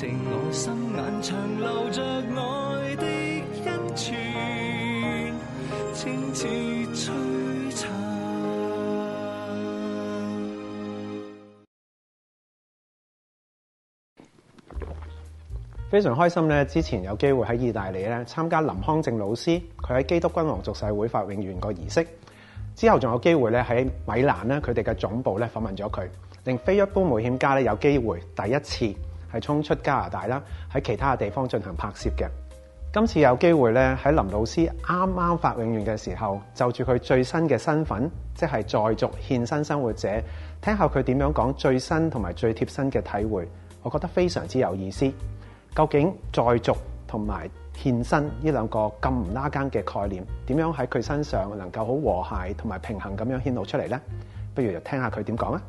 .我心眼長留著愛的恩泉，非常開心咧！之前有機會喺意大利咧參加林康正老師佢喺基督君王俗世會發永願個儀式，之後仲有機會咧喺米蘭咧佢哋嘅總部咧訪問咗佢，令非一般冒險家咧有機會第一次。係衝出加拿大啦，喺其他嘅地方進行拍攝嘅。今次有機會咧，喺林老師啱啱發永願嘅時候，就住佢最新嘅身份，即係在俗獻身生活者，聽下佢點樣講最新同埋最貼身嘅體會。我覺得非常之有意思。究竟在俗同埋獻身呢兩個咁唔拉更嘅概念，點樣喺佢身上能夠好和諧同埋平衡咁樣顯露出嚟呢？不如就聽下佢點講啊！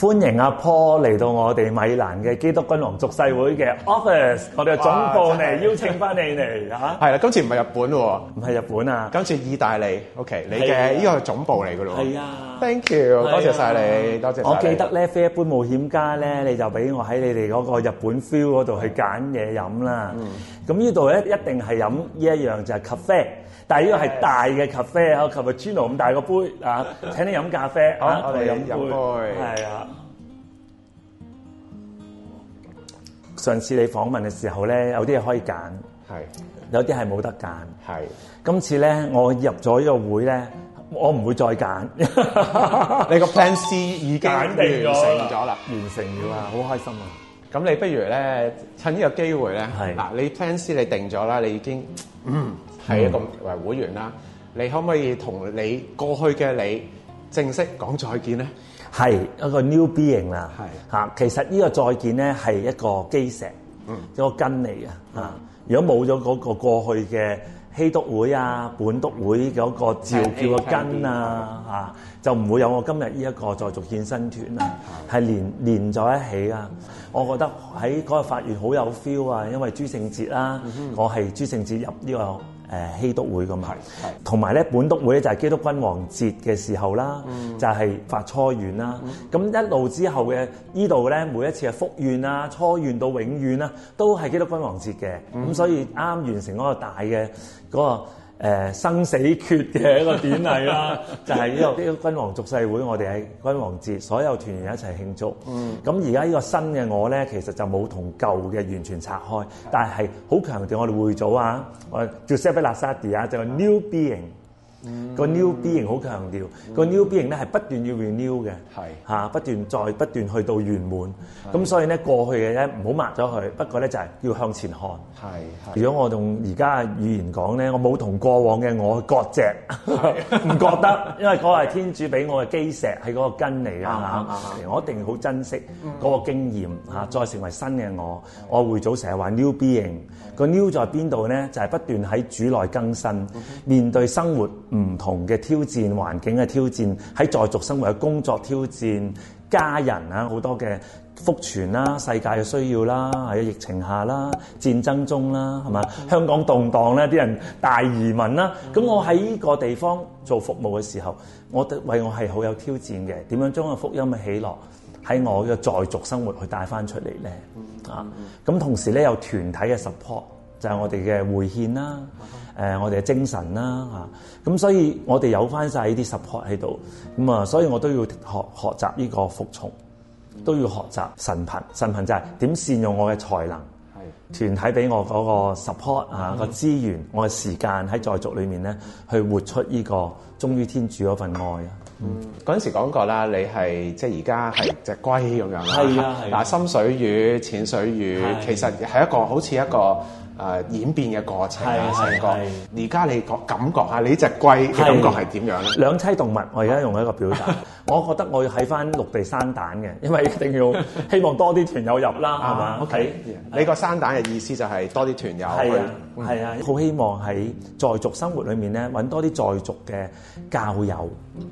歡迎阿 Paul 嚟到我哋米蘭嘅基督君王俗世會嘅 office， 我哋嘅總部嚟邀請翻你嚟嚇、 啊。係啦，今次唔係日本喎，唔係日本啊，今次意大利。O.K. 你嘅呢個係總部嚟嘅咯。係啊，Thank you，多謝晒你,你，多謝。我記得咧，飛、嗯、一般冒險家咧，你就俾我喺你哋嗰個日本 feel 嗰度去揀嘢飲啦。咁、嗯、呢度咧一定係飲呢一樣就係 cafe。第一個係大嘅咖啡啊，琴日 gino 咁大個杯啊， 請你飲咖啡啊，飲、嗯、杯，係啊。上次你訪問嘅時候咧，有啲嘢可以揀，係，有啲係冇得揀，係。今次咧，我入咗呢個會咧，我唔會再揀。 你個 plan C 已經完成咗啦，完成咗啦，好、嗯、開心啊！咁你不如咧，趁呢個機會咧，嗱，你 plan C 你定咗啦，你已經嗯。係一個為會員啦，你可唔可以同你過去嘅你正式講再見咧？係一個 new being 啦，係嚇。其實呢個再見咧係一個基石，嗯、一個根嚟嘅嚇。如果冇咗嗰個過去嘅希督會啊、嗯、本督會嗰個召叫嘅根 AKB，啊嚇，就唔會有我今日呢一個再續健身團啊，係連連在一起啊。我覺得喺嗰個發言好有 feel 啊，因為朱聖哲啦，我係朱聖哲入呢、這個。誒、呃、希督會咁啊，同埋咧本督會咧就係基督君王節嘅時候啦、嗯，就係、是、發初願啦，咁、嗯、一路之後嘅呢度咧，每一次係復願啊，初願到永遠啦，都係基督君王節嘅，咁、嗯、所以啱啱完成嗰個大嘅嗰、嗯嗰個。誒、呃、生死決嘅一個典禮啦、啊， 就係呢個呢個君王續世會，我哋喺君王節，所有團員一齊慶祝。咁而家呢個新嘅我呢，其實就冇同舊嘅完全拆開，但係好強調我哋會組啊，嗯、我 s e a r l a 拉沙迪啊，就係、是、new being。個、嗯、new being 好強調，個、嗯、new being 咧係不斷要 renew 嘅，嚇不斷再不斷去到圓滿。咁所以咧過去嘅咧唔好抹咗佢，不過咧就係、是、要向前看。如果我同而家嘅語言講咧，我冇同過往嘅我割席，唔覺 得，因為嗰個係天主俾我嘅基石，係嗰個根嚟㗎嚇。我一定要好珍惜嗰個經驗、嗯、再成為新嘅我。我會組成日話 new being，個 new 在邊度咧？就係、是、不斷喺主內更新、嗯，面對生活。唔同嘅挑戰、環境嘅挑戰，喺在俗生活嘅工作挑戰、家人啊好多嘅福傳啦、世界嘅需要啦，喺疫情下啦、戰爭中啦，係嘛、嗯？香港動盪啦，啲人大移民啦，咁、嗯、我喺呢個地方做服務嘅時候，我為我係好有挑戰嘅，點樣將個福音嘅喜樂，喺我嘅在俗生活去帶翻出嚟呢、嗯？啊，咁同時呢，有團體嘅 support。就係、是、我哋嘅回獻啦、嗯呃嗯，我哋嘅精神啦咁、啊、所以我哋有翻晒呢啲 support 喺度咁啊，所以我都要學,學習呢個服從、嗯，都要學習神貧神貧就係點善用我嘅才能，嗯、團體俾我嗰個 support、嗯、啊、那個資源，嗯、我嘅時間喺在,在俗裏面咧，去活出呢個忠於天主嗰份愛、嗯嗯、啊。嗰陣時講過啦，你係即係而家係隻龜咁樣啦，嗱深水魚、淺水魚、啊，其實係一個好似一個。誒、呃、演變嘅過程啊，成、啊啊、個而家你覺感覺下你隻龜嘅感覺係點樣咧、啊？兩棲動物，我而家用一個表達， 我覺得我要喺翻陸地生蛋嘅，因為一定要希望多啲團友入啦，係、啊、嘛？OK，yeah. 你個生蛋嘅意思就係多啲團友，係啊，係啊，好、嗯啊、希望喺在，在族生活裏面咧揾多啲在族嘅教友。嗯。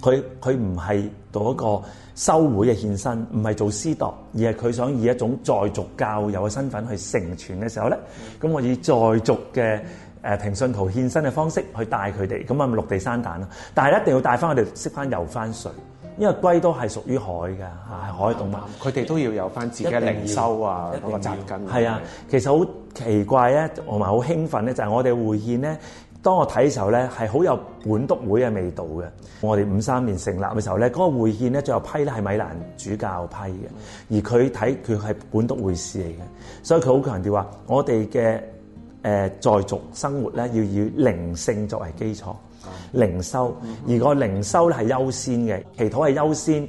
佢佢唔係做一個修會嘅獻身，唔係做施度，而係佢想以一種在俗教友嘅身份去成全嘅時候咧，咁我以在俗嘅誒平信徒獻身嘅方式去帶佢哋，咁啊陸地生蛋咯。但係一定要帶翻我哋識翻遊翻水，因為龜都係屬於海嘅嚇，海動物、嗯，佢哋都要有翻自己嘅靈修啊嗰個扎根。係啊，其實好奇怪咧，同埋好興奮咧，就係、是、我哋會獻咧。當我睇嘅時候咧，係好有本篤會嘅味道嘅。我哋五三年成立嘅時候咧，嗰個會憲咧最後批咧係米蘭主教批嘅，而佢睇佢係本篤會士嚟嘅，所以佢好強調話：我哋嘅誒在俗生活咧要以靈性作為基礎，靈修，而個靈修咧係優先嘅，祈禱係優先，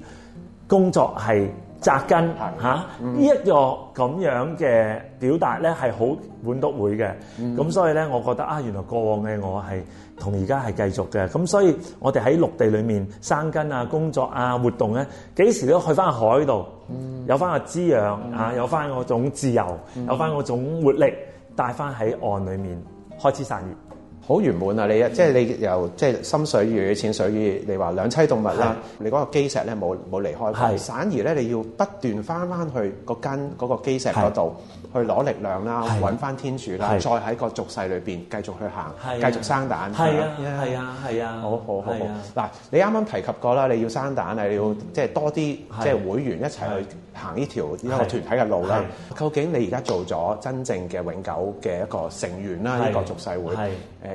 工作係。扎根嚇，呢、啊、一、嗯這個咁樣嘅表達咧係好滿篤會嘅，咁、嗯、所以咧，我覺得啊，原來過往嘅我係同而家係繼續嘅，咁所以我哋喺陸地裏面生根啊、工作啊、活動咧、啊，幾時都去翻海度、嗯，有翻個滋養、嗯、啊，有翻嗰種自由，嗯、有翻嗰種活力，帶翻喺岸裏面開枝散葉。好圓滿啊！你，一，即係你由，即係深水魚淺水魚，你話兩棲動物啦，你嗰個基石咧冇冇，離開，反而咧，你要不斷翻翻，去個間嗰個基石嗰度去攞力量啦，搵翻天主啦，再喺個俗世裏面繼續去行，繼續生蛋。係啊，係啊，係啊、yeah。好好好，嗱，你啱啱提及過啦，你要生蛋啊，你要即係多啲，即係會員一齊去行呢條呢一個團體嘅路啦。究竟你而家做咗真正嘅永久嘅一個成員啦，一個俗世會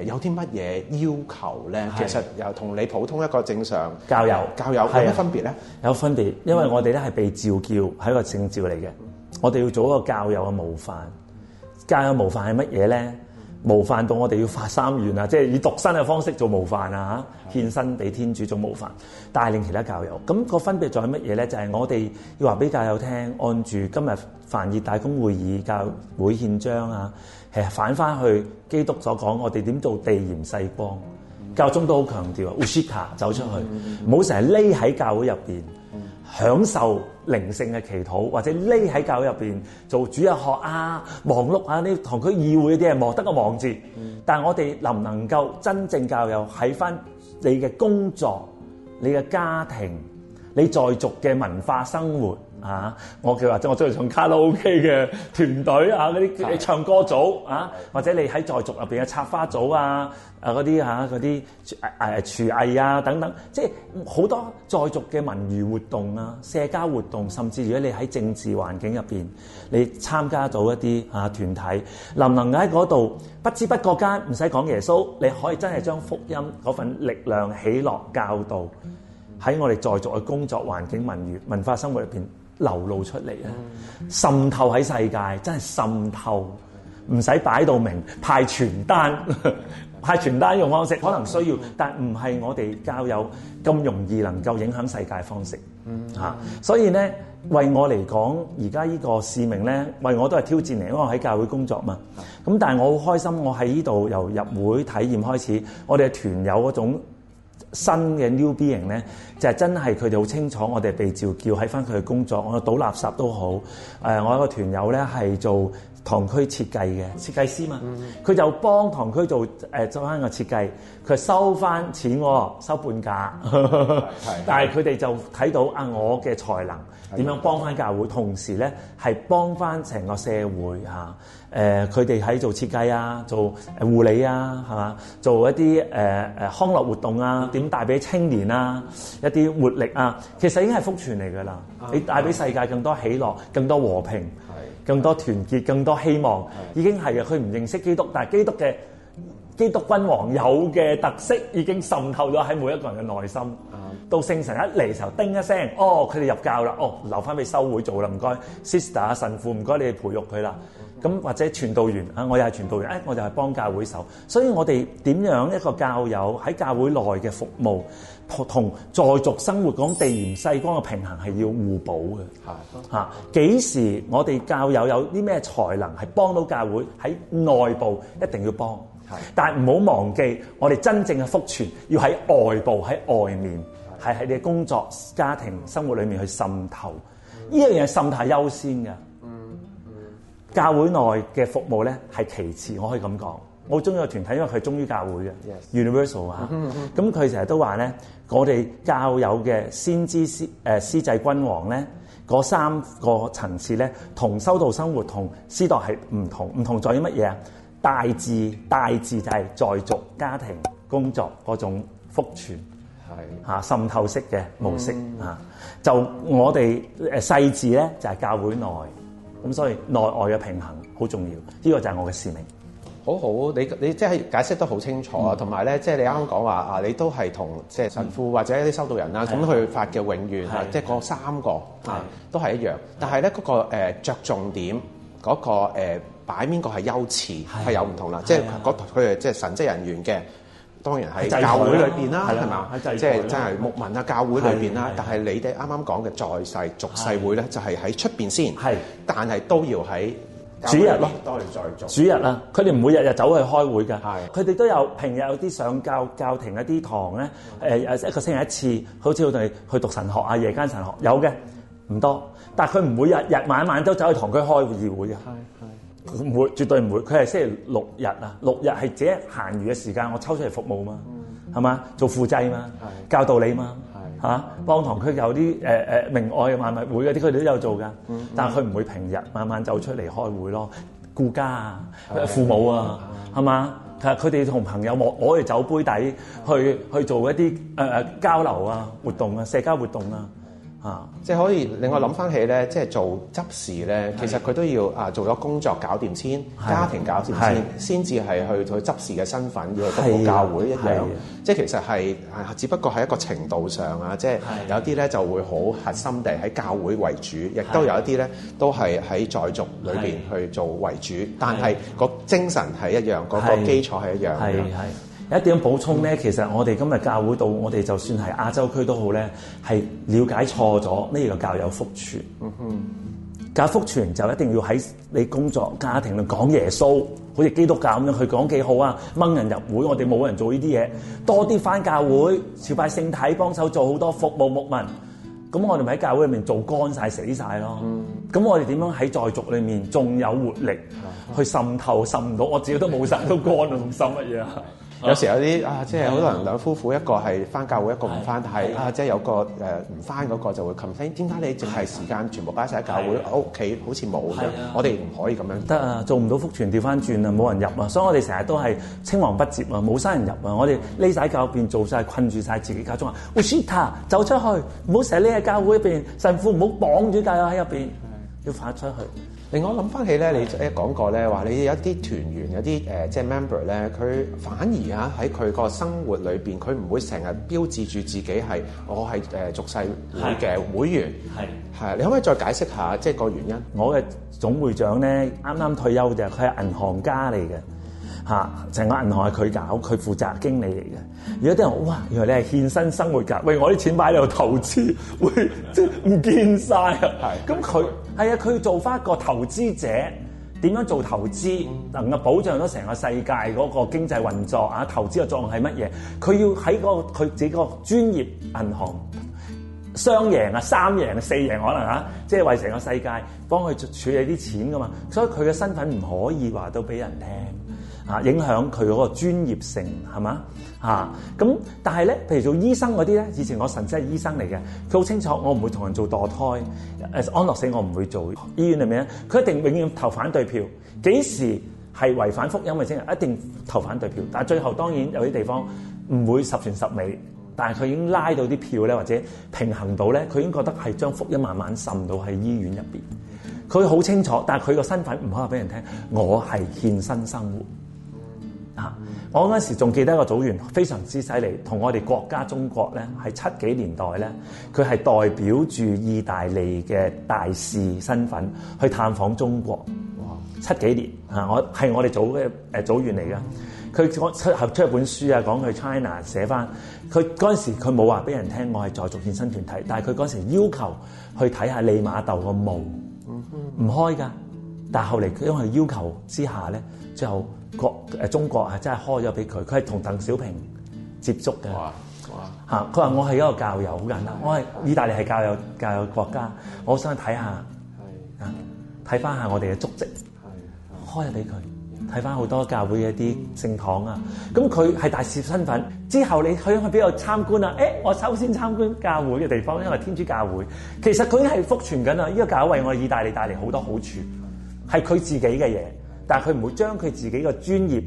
有啲乜嘢要求咧？其實又同你普通一個正常教友教友有咩分別咧？有分別，因為我哋咧係被召叫，係、嗯、一個聖召嚟嘅。我哋要做一個教友嘅模範，教友的模範係乜嘢咧？模範到我哋要發三願啊！即係以獨身嘅方式做模範啊！獻身俾天主做模範，帶領其他教友。咁、那個分別在乜嘢咧？就係、是、我哋要話俾教友聽，按住今日梵二大公會議教會憲章啊，係反翻去基督所講，我哋點做地鹽世光？教宗都好強調啊 u s h i k a 走出去，唔好成日匿喺教會入面，享受。靈性嘅祈禱或者匿喺教會入邊做主日學啊、忙碌啊，你同佢議會啲係莫得個忙字。但係我哋能唔能夠真正教育喺翻你嘅工作、你嘅家庭、你在俗嘅文化生活？啊、我譬如話，我中意唱卡拉 OK 嘅團隊啊，嗰啲唱歌組啊，或者你喺在，在俗入面嘅插花組啊，啊嗰啲嚇啲廚藝啊等等，即係好多在俗嘅文娛活動啊、社交活動，甚至如果你喺政治環境入面，你參加到一啲、啊、團體，能唔能夠喺嗰度不知不覺間唔使講耶穌，你可以真係將福音嗰份力量起落教導喺我哋在俗嘅工作環境、文娛文化生活入面。流露出嚟咧，滲透喺世界，真係滲透，唔使擺到明，派傳單，呵呵派傳單用方式可能需要，但唔係我哋教友咁容易能夠影響世界方式、嗯啊、所以咧，為我嚟講，而家呢個使命咧，為我都係挑戰嚟，因為我喺教會工作嘛。咁但係我好開心我在這裏，我喺呢度由入會體驗開始，我哋嘅團友嗰種。新嘅 New B 型咧，就是，真係佢哋好清楚，我哋被召叫喺翻佢嘅工作。我倒垃圾都好、呃，我一個團友咧係做堂區設計嘅設計師嘛，佢就幫堂區做誒、呃、做翻個設計佢收翻錢喎、哦，收半價、嗯。 但係佢哋就睇到啊，我嘅才能點樣幫翻教會，同時咧係幫翻成個社會嚇。誒、呃，佢哋喺做設計啊，做護理啊，係、呃、嘛，做一啲誒、呃、康樂活動啊，點帶俾青年啊、嗯、一啲活力啊，其實已經係福傳嚟㗎啦。你帶俾世界更多喜樂、更多和平、更多團結、更多希望，已經係啊！佢唔認識基督，但係基督嘅。基督君王有嘅特色已經滲透咗喺每一個人嘅內心。到聖神一嚟就叮一聲，哦，佢哋入教啦，哦，留翻俾修會做啦，唔該，Sister 神父，唔該，你哋培育佢啦。咁或者傳道員啊，我又係傳道員，誒、哎，我就係幫教會手。所以我哋點樣一個教友喺教會內嘅服務同在俗生活講地鹽世光嘅平衡係要互補嘅。係嚇，幾時我哋教友有啲咩才能係幫到教會喺內部，一定要幫。是但係唔好忘記，我哋真正嘅福傳要喺外部、喺外面，係喺你嘅工作、家庭、生活裏面去滲透。呢一樣嘢滲透優先嘅。嗯嗯，教會內嘅服務咧係其次，我可以咁講。我中意個團體，因為佢係忠於教會嘅、yes，universal 啊。咁佢成日都話咧，我哋教友嘅先知、師誒、呃、司祭君王咧，嗰三個層次咧，同修道生活和師道是不同師道係唔同，唔同在於乜嘢啊？大字大字就係在族家庭工作嗰種福傳，係嚇、嗯啊、滲透式嘅模式嚇、啊。就我哋誒細緻咧，就係、是、教會內咁，所以內外嘅平衡好重要。呢、這個就係我嘅使命。好好，你你即係解釋得好清楚，同埋咧，即、就、係、是、你啱啱講話啊，嗯、你都係同即係神父或者一啲修道人啦，咁佢發嘅永遠的的啊，即係嗰三個啊都係一樣。是但係咧嗰個着、呃、重點嗰、那個、呃擺邊個係優次係有唔同啦，即係嗰佢係即係神職人員嘅，當然喺教會裏邊啦，係咪啊？即係牧民啊，喺教會裏邊啦，但係你哋啱啱講嘅在世俗世會咧，就係喺出邊先，係，但係都要喺主日咯，都要在做主日啦。佢哋唔會日日走去開會㗎，係。佢哋都有平日有啲上教教庭一啲堂咧，誒誒一個星期一次，好似我哋去讀神學啊、夜間神學有嘅，唔多，但係佢唔會日日晚晚都走去堂區開會議會㗎，係。唔會，絕對唔會。佢係星期六日啊，六日係自己閒餘嘅時間，我抽出嚟服務嘛，係、嗯、嘛，做輔祭嘛，教道理嘛，嚇幫堂區有啲誒誒明愛賣物會嗰啲，佢哋都有做噶、嗯。但係佢唔會平日晚晚走出嚟開會咯，顧家啊，嗯、父母啊，係、嗯、嘛？佢佢哋同朋友摸攞住酒杯底去去做一啲誒誒交流啊活動啊社交活動啊。啊！即係可以令我諗翻起咧、嗯，即係做執事咧，其實佢都要啊做咗工作搞掂先，家庭搞掂先，先至係去去執事嘅身份要服務教會一樣。即係其實係只不過喺一個程度上啊，即、就係、有啲咧就會好核心地喺教會為主，亦都有一啲咧都係喺在，在俗裏面去做為主，但係個精神係一樣，嗰個基礎係一樣。有一點補充咧，其實我哋今日教會度，我哋就算係亞洲區都好咧，係了解錯咗呢個教友福傳。嗯哼，教福傳就一定要喺你工作、家庭度講耶穌，好似基督教咁樣去講幾好啊！掹人入會，我哋冇人做呢啲嘢，多啲返教會，朝拜聖體，幫手做好多服務牧民。咁我哋咪喺教會裏面做乾晒死晒咯。咁、嗯、我哋點樣喺在俗裏面仲有活力去滲透滲唔到？我自己都冇晒，都乾啦，仲滲乜嘢啊？ 啊、有時有啲啊，即係好多人兩夫婦一個係翻教會，一個唔翻。但係啊，即係有個誒唔翻嗰個就會 complain：「點解你淨係時間全部擺晒喺教會？屋企好似冇嘅，我哋唔可以咁樣。得啊，做唔到福傳掉翻轉啊，冇人入啊，所以我哋成日都係青黃不接啊，冇新人入啊，我哋匿曬教入面，做晒困住晒自己家中啊，會 shit 啊，走出去，唔好成日匿喺教會入邊，神父唔好綁住大家喺入邊，要發出去。令我諗翻起咧，你誒講過咧話，你有一啲團員有啲誒，即係、呃就是、member 咧，佢反而啊喺佢個生活裏邊，佢唔會成日標誌住自己係我係誒俗世會嘅會員。係，係，你可唔可以再解釋下即係、就是、個原因？我嘅總會長咧啱啱退休啫，佢係銀行家嚟嘅。嚇！成個銀行係佢搞，佢負責嘅經理嚟嘅。有啲人哇，原來你係獻身生活㗎？喂，我啲錢擺喺度投資，會即係唔見晒了啊！咁佢係啊，佢要做翻一個投資者，點樣做投資，能夠保障到成個世界嗰個經濟運作啊？投資嘅作用係乜嘢？佢要喺嗰個佢自己個專業銀行雙贏啊、三贏啊、四贏可能啊，即係為成個世界幫佢處理啲錢噶嘛。所以佢嘅身份唔可以話到俾人聽。響他的專啊！影響佢嗰個專業性係嘛？啊咁，但係咧，譬如做醫生嗰啲咧，以前我神師係醫生嚟嘅，佢好清楚，我唔會同人做墮胎、安樂死，我唔會做。醫院入面咧，佢一定永遠投反對票。幾時係違反福音嘅先？一定投反對票。但係最後當然有啲地方唔會十全十美，但係佢已經拉到啲票咧，或者平衡到咧，佢已經覺得係將福音慢慢滲到喺醫院入邊。佢好清楚，但係佢個身份唔可以俾人聽，我係獻身生活。啊！我嗰陣時仲記得一個組員非常之犀利，同我哋國家中國咧，喺七幾年代咧，佢係代表住意大利嘅大使身份去探訪中國。哇！七幾年嚇，是我係我哋組嘅誒、呃、組員嚟嘅。佢出後出一本書啊，講去 China 寫翻。佢嗰陣時佢冇話俾人聽，我係在俗健身團體。但係佢嗰陣時要求去睇下利瑪竇個墓，唔開㗎。但係後嚟佢因為要求之下咧，最後。國誒中國啊，真係開咗俾佢。佢係同鄧小平接觸嘅。哇！佢話我係一個教友，好簡單。我係意大利係教友教友國家，我想去睇下。係。啊，睇翻下我哋嘅足跡。係。開咗俾佢，睇翻好多教會嘅一啲聖堂啊。咁佢係大使身份。之後你去去邊度參觀啊？誒、哎，我首先參觀教會嘅地方，因為天主教會其實佢已經係福傳緊啊。呢、這個教會為我哋意大利帶嚟好多好處，係佢自己嘅嘢。但係佢唔會將佢自己嘅專業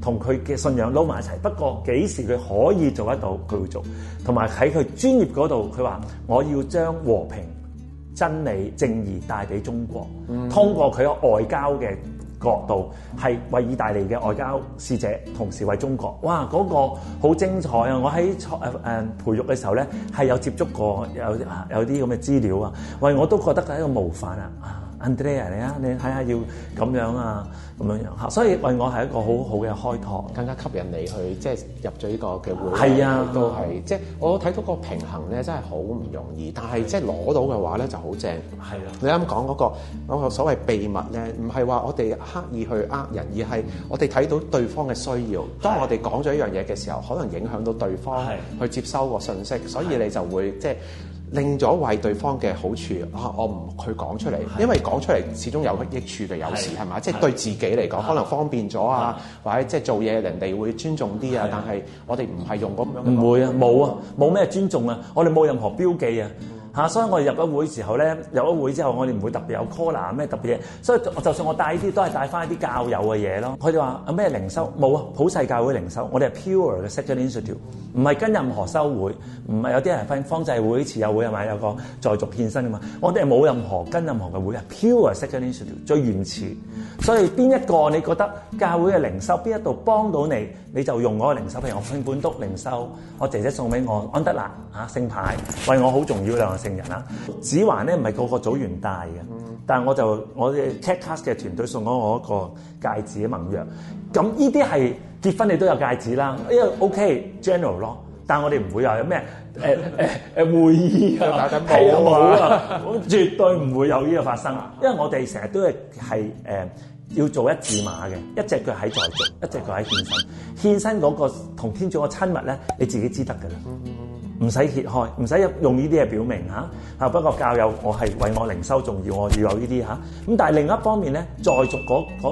同佢嘅信仰撈埋一齊。不過幾時佢可以做得到，佢會做。同埋喺佢專業嗰度，佢話我要將和平、真理、正義帶俾中國。通過佢外交嘅角度，係為意大利嘅外交使者，同時為中國。哇！嗰個好精彩啊！我喺誒誒培育嘅時候咧，係有接觸過有有啲咁嘅資料啊。喂，我都覺得係一個模範啊！Andrea 嚟啊！你睇下要咁樣啊，咁樣樣、啊、嚇，所以為我係一個好好嘅開拓，更加吸引你去即係入咗呢個嘅會。係啊，都係即係我睇到個平衡咧，真係好唔容易。但係即係攞到嘅話咧，就好正。係啊，你啱講嗰個嗰個所謂秘密咧，唔係話我哋刻意去呃人，而係我哋睇到對方嘅需要。當我哋講咗一樣嘢嘅時候，可能影響到對方去接收個信息、啊啊，所以你就會即係。令咗為對方嘅好處啊！我唔去講出嚟，因為講出嚟始終有益處嘅，有時係嘛，即係、就是、對自己嚟講可能方便咗啊，或者即係做嘢人哋會尊重啲啊。但係我哋唔係用咁樣。唔會啊，冇啊，冇咩尊重啊，我哋冇任何標記啊。嗯啊、所以我哋入咗會之後咧，入咗會之後，我哋唔會特別有 call 啦，咩特別嘢。所以就算我帶啲，都係帶翻一啲教友嘅嘢咯。佢哋話有咩靈修冇啊？普世教會靈修，我哋係 pure 嘅 secular institute 唔係跟任何修會，唔係有啲人分方濟會、慈幼會係咪有個在俗獻身啊嘛。我哋係冇任何跟任何嘅會，係 pure secular institute，最原始。所以邊一個你覺得教會嘅靈修邊一度幫到你，你就用嗰個靈修。譬如我本本篤靈修，我姐姐送俾我安德蘭嚇、啊、聖牌，為我好重要情人啦，指環咧唔係個個組員戴嘅，但係我就我哋 c a t c a s t 嘅團隊送咗我一個戒指嘅盟約。咁呢啲係結婚你都有戒指啦，因為 OK general 咯。但係我哋唔會有咩誒誒誒會議啊， 打緊牌啊， 我絕對唔會有呢個發生。因為我哋成日都係係誒要做一字馬嘅，一隻腳喺在做，一隻腳喺獻身。 獻身嗰個同天主嘅親密咧，你自己知得㗎啦。唔使揭開，唔使用呢啲嘢表明嚇。嚇、啊、不過教友，我係為我靈修重要，我要有呢啲嚇。咁、啊、但係另一方面咧，在俗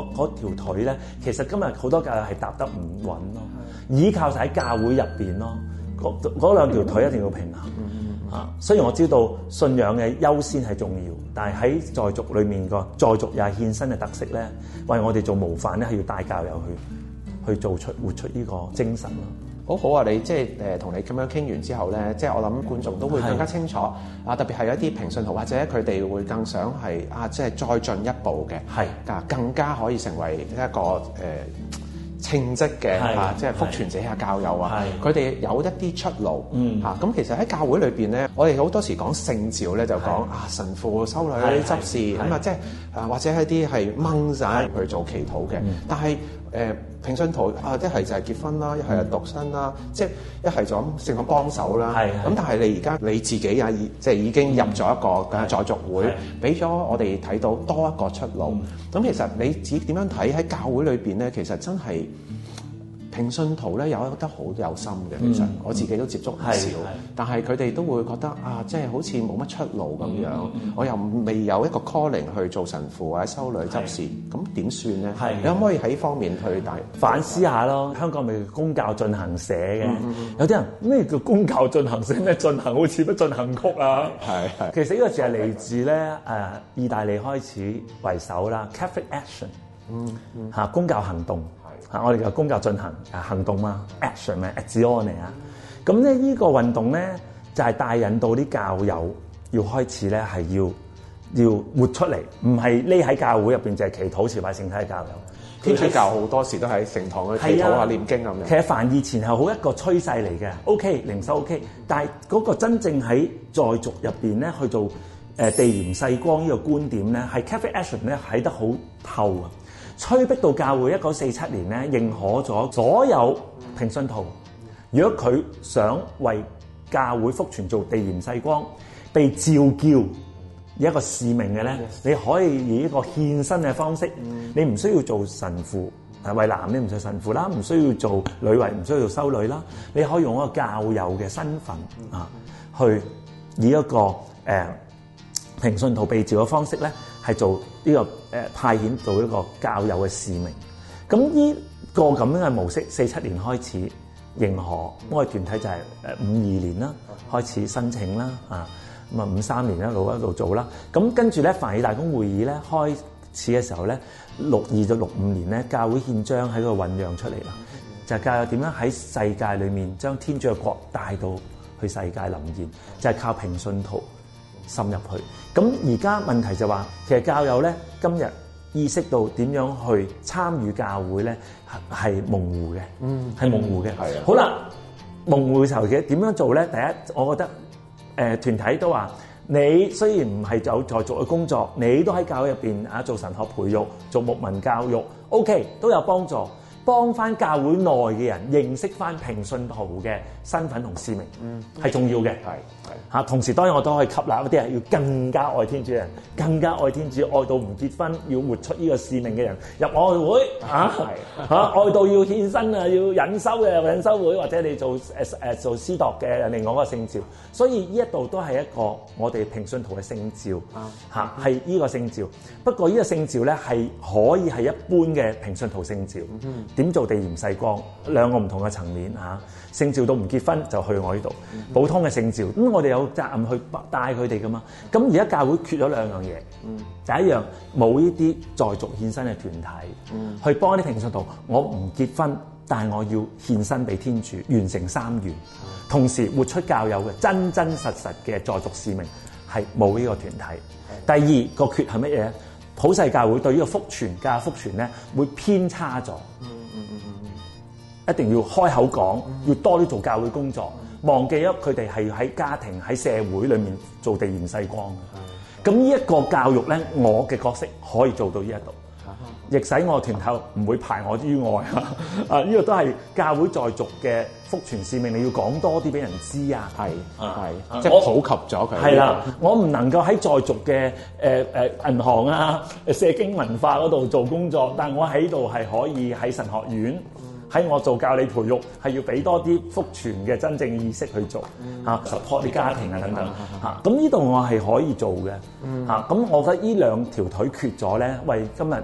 嗰條腿咧，其實今日好多教友係踏得唔穩咯，倚靠晒喺教會入邊咯。嗰嗰兩條腿一定要平衡。啊，雖然我知道信仰嘅優先係重要，但係喺在俗裡面個在俗又係獻身嘅特色咧，為我哋做模範咧，係要帶教友去去做出活出呢個精神咯。好好啊！你即係同你咁樣傾完之後咧，即係我諗觀眾都會更加清楚啊！特別係一啲平信徒或者佢哋會更想係啊，即係再進一步嘅，係啊，更加可以成為一個誒稱職嘅啊，即係福傳者啊，教友啊，佢哋有一啲出路咁、嗯啊、其實喺教會裏面咧，我哋好多時講聖召咧，就講啊神父、修女執事咁啊、嗯，即係啊或者一啲係掹晒去做祈禱嘅、嗯，但係。誒平信徒啊，一係就係結婚啦，一係啊獨身啦，即係一係就咁成個幫手啦。咁但係你而家你自己啊，即係已經入咗一個在俗會，俾咗我哋睇到多一個出路。咁、嗯、其實你自己點樣睇喺教會裏面咧？其實真係。嗯平信徒咧，有覺得好有心嘅，其實我自己都接觸少，嗯嗯、但係佢哋都會覺得啊，即係好似冇乜出路咁樣、嗯嗯嗯，我又未有一個 calling 去做神父或者修女執事，咁點算咧？你可唔可以喺呢方面去大反思一下咯？香港咪叫公教進行社嘅、嗯嗯，有啲人咩叫公教進行社咩？進行好似不進行曲啊？係係，其實呢個詞係嚟自咧誒、嗯啊、意大利開始為首啦，Catholic Action，嚇公教行動。嚇！我哋嘅公教進行行動嘛，action 咪 action 嚟啊！咁咧呢個運動咧就係、是、帶引到啲教友要開始咧，係要要活出嚟，唔係匿喺教會入邊就係祈禱，朝拜聖體教友。天主教好多時都喺聖堂去祈禱啊、念經咁樣。其實梵以前係好一個趨勢嚟嘅，OK 靈修 OK，但係嗰個真正喺在俗入邊咧去做誒地鹽世光呢個觀點咧，係 Catholic Action 咧睇得好透啊！催逼到教會一九四七年咧，認可咗所有平信徒。如果佢想為教會福傳做地鹽世光，被召叫一個使命嘅咧，你可以以一個獻身嘅方式，你唔需要做神父，係為男你唔使神父啦，唔需要做女為，唔需要做修女啦，你可以用一個教友嘅身份啊，去以一個誒平信徒被召嘅方式咧，係做。呢個誒派遣做一個教友嘅使命，咁呢個咁樣嘅模式，四七年開始認可，我哋團體就係誒五二年啦，開始申請啦啊，咁啊五三年一路一路做啦，咁跟住咧梵二大公會議咧開始嘅時候咧，六二到六五年咧教會憲章喺度醖釀出嚟啦，就係教友點樣喺世界裡面將天主嘅國帶到去世界臨現，就係靠平信徒。滲入去，咁而家問題就話，其實教友咧今日意識到點樣去參與教會咧，係模糊嘅，嗯，係模糊嘅，係啊。好啦，模糊嘅時候嘅點樣做咧？第一，我覺得誒、呃、團體都話，你雖然唔係做在俗嘅工作，你都喺教會入邊啊做神學培育、做牧民教育，OK，都有幫助，幫翻教會內嘅人認識翻平信徒嘅。身份同使命係重要嘅，係、嗯、吓、嗯、同時當然我都可以吸納一啲係要更加愛天主嘅人，更加愛天主，愛到唔結婚要活出呢個使命嘅人入愛會吓，係、啊、吓、啊、愛到要獻身啊，要隱修嘅隱修會或者你做誒誒、啊啊、做司鐸嘅另外一個聖召。所以呢一度都係一個我哋平信徒嘅聖召，吓係呢個聖召。不過呢個聖召咧，係可以係一般嘅平信徒聖召。點做地嚴世光兩個唔同嘅層面吓、啊，聖召都唔。結婚就去我呢度普通嘅聖召，咁我哋有責任去帶佢哋噶嘛？咁而家教會缺咗兩樣嘢，就一樣冇呢啲在俗獻身嘅團體去幫啲平信徒，我唔結婚，但係我要獻身俾天主，完成三願，同時活出教友嘅真真實實嘅在俗使命，係冇呢個團體。第二個缺係乜嘢？普世教會對呢個福傳教福傳咧，會偏差咗。一定要開口講，要多啲做教會工作，忘記咗佢哋係喺家庭、喺社會裏面做地鹽世光。咁呢一個教育咧，我嘅角色可以做到呢一度，亦、啊、使我嘅團友唔會排我於外 啊！啊，呢個都係教會在俗嘅福傳使命，你要講多啲俾人知係啊！係，係，即我普及咗佢。係啦，我唔能夠喺在俗嘅誒誒銀行啊、誒社經文化嗰度做工作，但我喺度係可以喺神學院。嗯喺我做教理培育，係要俾多啲福傳嘅真正意識去做 support 啲、嗯、家庭啊、嗯、等等嚇，咁呢度我係可以做嘅咁、嗯啊、我覺得呢兩條腿缺咗咧，喂，今日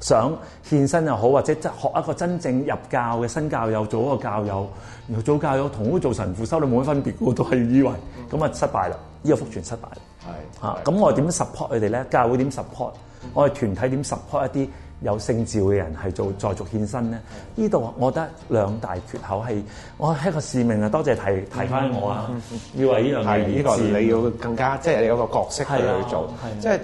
想獻身又好，或者真學一個真正入教嘅新教友做一個教友，然後做教友同做神父修女冇乜分別，我都係以為咁啊失敗啦，呢、這個福傳失敗了。係、嗯、嚇，咁、啊、我點 support 佢哋咧？教會點 support？我哋團體點 support 一啲？有姓趙嘅人係做在俗獻身咧，呢度我覺得兩大缺口係，我係一個使命啊！多謝提提翻我啊，要呢樣嘢，呢個你要更加即係你有個角色去去做，即係。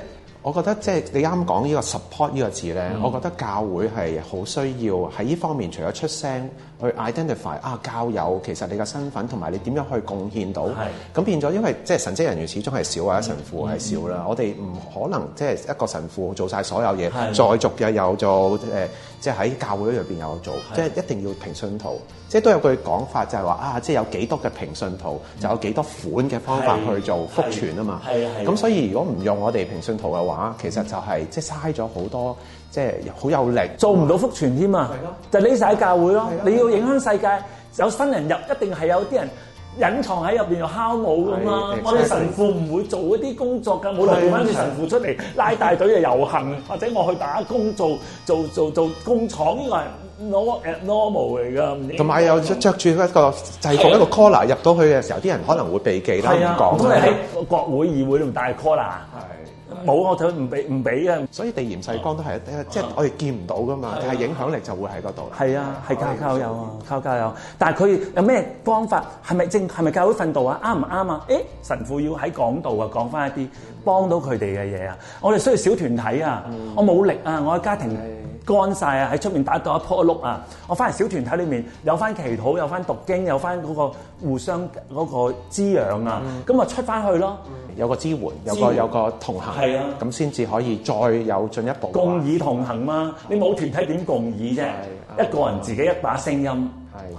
我覺得即係你啱講呢個 support 個呢個字咧，我覺得教會係好需要喺呢方面，除咗出聲去 identify 啊，教友其實你嘅身份同埋你點樣去貢獻到，咁變咗因為即係神職人員始終係少啊，神父係少啦、嗯，我哋唔可能即係一個神父做晒所有嘢，在俗嘅有做誒，即係喺教會嗰入邊有做，即係一定要平信徒，即係都有句講法就係話啊，即係有幾多嘅平信徒就有幾多款嘅方法去做福傳啊嘛，咁所以如果唔用我哋平信徒嘅話，啊，其實就係即係嘥咗好多，即係好有力，做唔到福傳添啊、嗯！就你曬教會咯，你要影響世界，有新人入一定係有啲人隱藏喺入邊又敲舞咁啦。我哋神父唔會做嗰啲工作㗎，冇理由揾住神父出嚟拉大隊嘅遊行，或者我去打工做做做做工廠呢個。normal 嚟噶，同埋有著著住一個制服一個 collar 入到去嘅時候，啲人可能會避忌啦。香港都係國會議會同戴 collar，係冇我睇唔俾唔俾嘅。所以地鹽世光都係即係我哋見唔到噶嘛，但係影響力就會喺嗰度。係啊，係靠有啊，靠靠有。但係佢有咩方法？係咪正？係咪教會訓導啊？啱唔啱啊？誒，神父要喺講道啊，講翻一啲幫到佢哋嘅嘢啊。我哋需要小團體啊。我冇力啊，我嘅家庭。乾晒啊！喺出面打到一坡碌啊！我翻嚟小團體裏面有翻祈禱，有翻讀經，有翻嗰個互相嗰、嗰個滋養啊！咁、嗯、啊出翻去咯、嗯，有個支援，有個有個同行，咁先至可以再有進一步共議同行嘛！啊、你冇團體點共議啫？啊？一個人自己一把聲音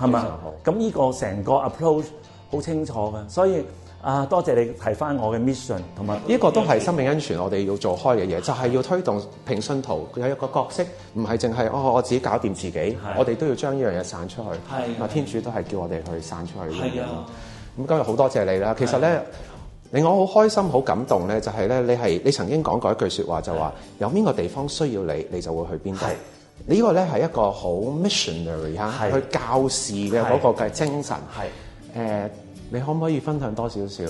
係嘛？咁呢、啊、個成個 approach 好清楚㗎。所以。啊！多謝你提翻我嘅 mission，同埋呢個都係生命恩泉。我哋要做開嘅嘢，就係、是、要推動平信徒有一個角色，唔係淨係哦，我自己搞掂自己，我哋都要將呢樣嘢散出去。天主都係叫我哋去散出去啊，咁、嗯、今日好多謝你啦。其實咧，令我好開心、好感動咧，就係、是、咧，你係你曾經講過一句說話，就話有邊個地方需要你，你就會去邊度。這個呢，呢個咧係一個好 missionary 吓，去教士嘅嗰個嘅精神。你可唔可以分享多少少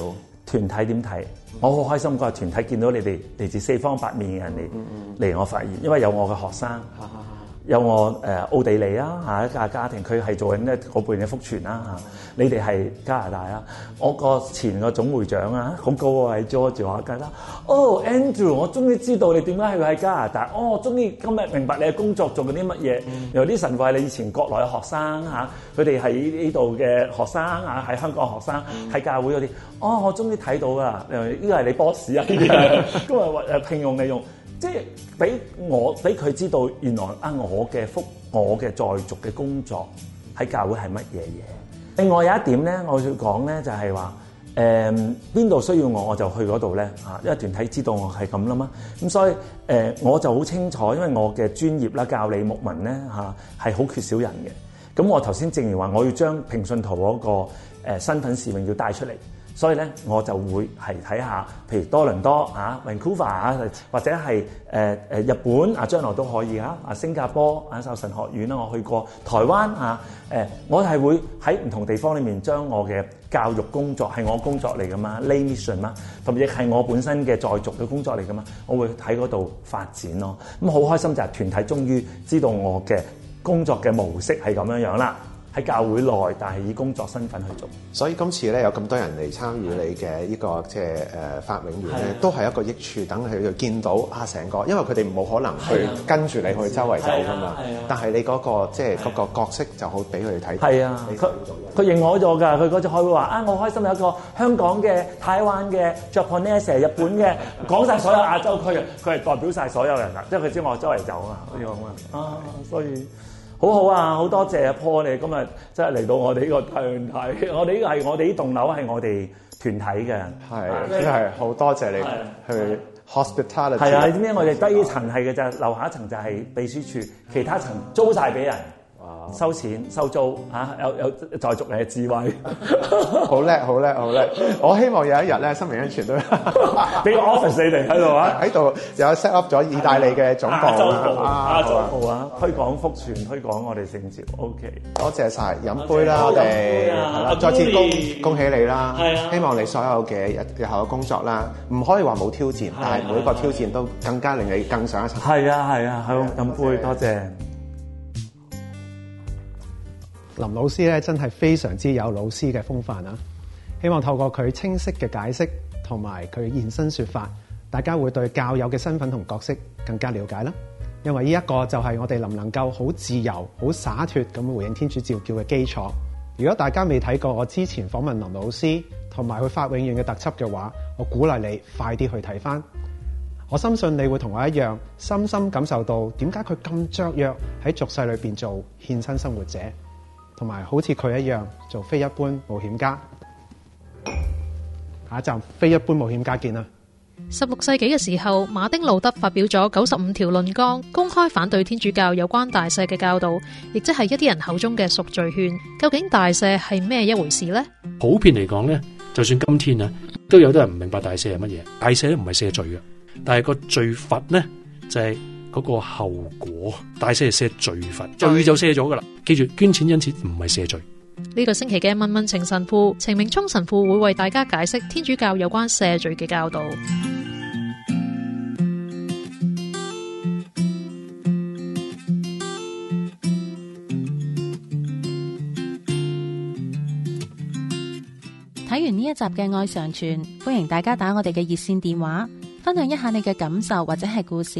團體點睇？嗯嗯，我好開心的，個團體見到你哋嚟自四方八面嘅人嚟嚟、嗯嗯、我發現因為有我嘅學生。嗯嗯嗯嗯有我誒、呃、奧地利啦、啊啊、一家家庭，佢係做緊咧半年嘅福傳啦，你哋係加拿大啊，我個前個總會長啊，好高喎、啊，係 o 做下 e 啦。哦，Andrew，我終於知道你點解係會喺加拿大。哦，我終於今日明白你嘅工作做緊啲乜嘢。有啲神父，你以前國內嘅學生嚇，佢哋喺呢度嘅學生啊，喺香港學生喺、啊、教會嗰啲。哦，我終於睇到啦，呢個係你 boss 啊，這個、啊 今日誒聘用你用。即係俾我俾佢知道，原來啊我嘅福，我嘅在俗嘅工作喺教會係乜嘢嘢。另外有一點咧，我要講咧就係、是、話，誒邊度需要我我就去嗰度咧嚇，因為團體知道我係咁啦嘛。咁所以誒、呃、我就好清楚，因為我嘅專業啦，教理牧民咧嚇係好缺少人嘅。咁我頭先正如話，我要將平信徒嗰個誒身份使命要帶出嚟。所以咧，我就會係睇下，譬如多倫多啊、Vancouver 啊，或者係誒、呃、日本啊，將來都可以啊，新加坡啊，壽神學院啦，我去過台灣啊誒、呃，我係會喺唔同地方裏面將我嘅教育工作係我工作嚟噶嘛，mission 嘛，同埋亦係我本身嘅在俗嘅工作嚟噶嘛，我會喺嗰度發展咯、啊。咁、嗯、好開心就係、是、團體終於知道我嘅工作嘅模式係咁樣樣啦。喺教會內，但係以工作身份去做。所以今次咧有咁多人嚟參與你嘅、這個呃、呢個即係誒發永願咧，都係一個益處。等佢哋見到整個啊，成個因為佢哋冇可能去跟住你去周圍走噶嘛、啊啊。但係你嗰、那個即係嗰個角色就好俾佢哋睇。係啊，佢佢認可咗㗎。佢嗰次開會話啊，我開心有一個香港嘅、台灣嘅、Japanese、日本嘅，講晒所有亞洲區嘅，佢係代表晒所有人啦。因為佢知我周圍走啊嘛。啊，啊，所以。好好啊，好多謝阿 Paul 你今日即係嚟到我哋呢個團體，我哋呢個係我哋呢棟樓係我哋團體嘅，係真係好多謝你去 hospitality。係啊，你知唔知我哋低層係嘅就係樓下層就係秘書處，其他層租晒俾人。收錢收租吓、啊，有有在俗你嘅智慧，好叻好叻好叻！我希望有一日咧，生命安全都俾 你們 office 你嚟喺度啊，喺、啊、度有 set up 咗意大利嘅總部，啊，總部，啊，啊，總部啊，總部啊，推廣福傳，推廣、okay, 我哋聖召。OK，多謝晒，飲杯啦、啊，我哋係啦，再次恭恭喜你啦、uh, uh,，希望你所有嘅日日後嘅工作啦，唔可以話冇挑戰，uh, 但係每個挑戰都更加令你更上一層。係啊係啊，好、嗯、飲杯謝謝，多謝。林老師咧，真係非常之有老師嘅風範。希望透過佢清晰嘅解釋同埋佢現身説法，大家會對教友嘅身份同角色更加了解啦。因為呢一個就係我哋能唔能夠好自由、好灑脱咁回應天主召叫嘅基礎。如果大家未睇過我之前訪問林老師同埋去發永遠嘅特輯嘅話，我鼓勵你快啲去睇翻。我相信你會同我一樣深深感受到點解佢咁雀躍，喺俗世裏面做獻身生活者。同埋好似佢一樣做非一般冒險家，下一站非一般冒險家見啦。十六世紀嘅時候，馬丁路德發表咗九十五條論綱，公開反對天主教有關大赦嘅教導，亦即係一啲人口中嘅贖罪券。究竟大赦係咩一回事呢？普遍嚟講呢，就算今天啊，都有啲人唔明白大赦係乜嘢。大赦呢唔係赦罪嘅，但係個罪罰呢就係、是。嗰、那個後果，大些就赦罪罰，罪就赦咗噶啦。記住捐錢因此唔係赦罪。呢、這個星期嘅問問情神父，程明聰神父會為大家解釋天主教有關赦罪嘅教導。睇完呢一集嘅愛上傳，歡迎大家打我哋嘅熱線電話，分享一下你嘅感受或者係故事。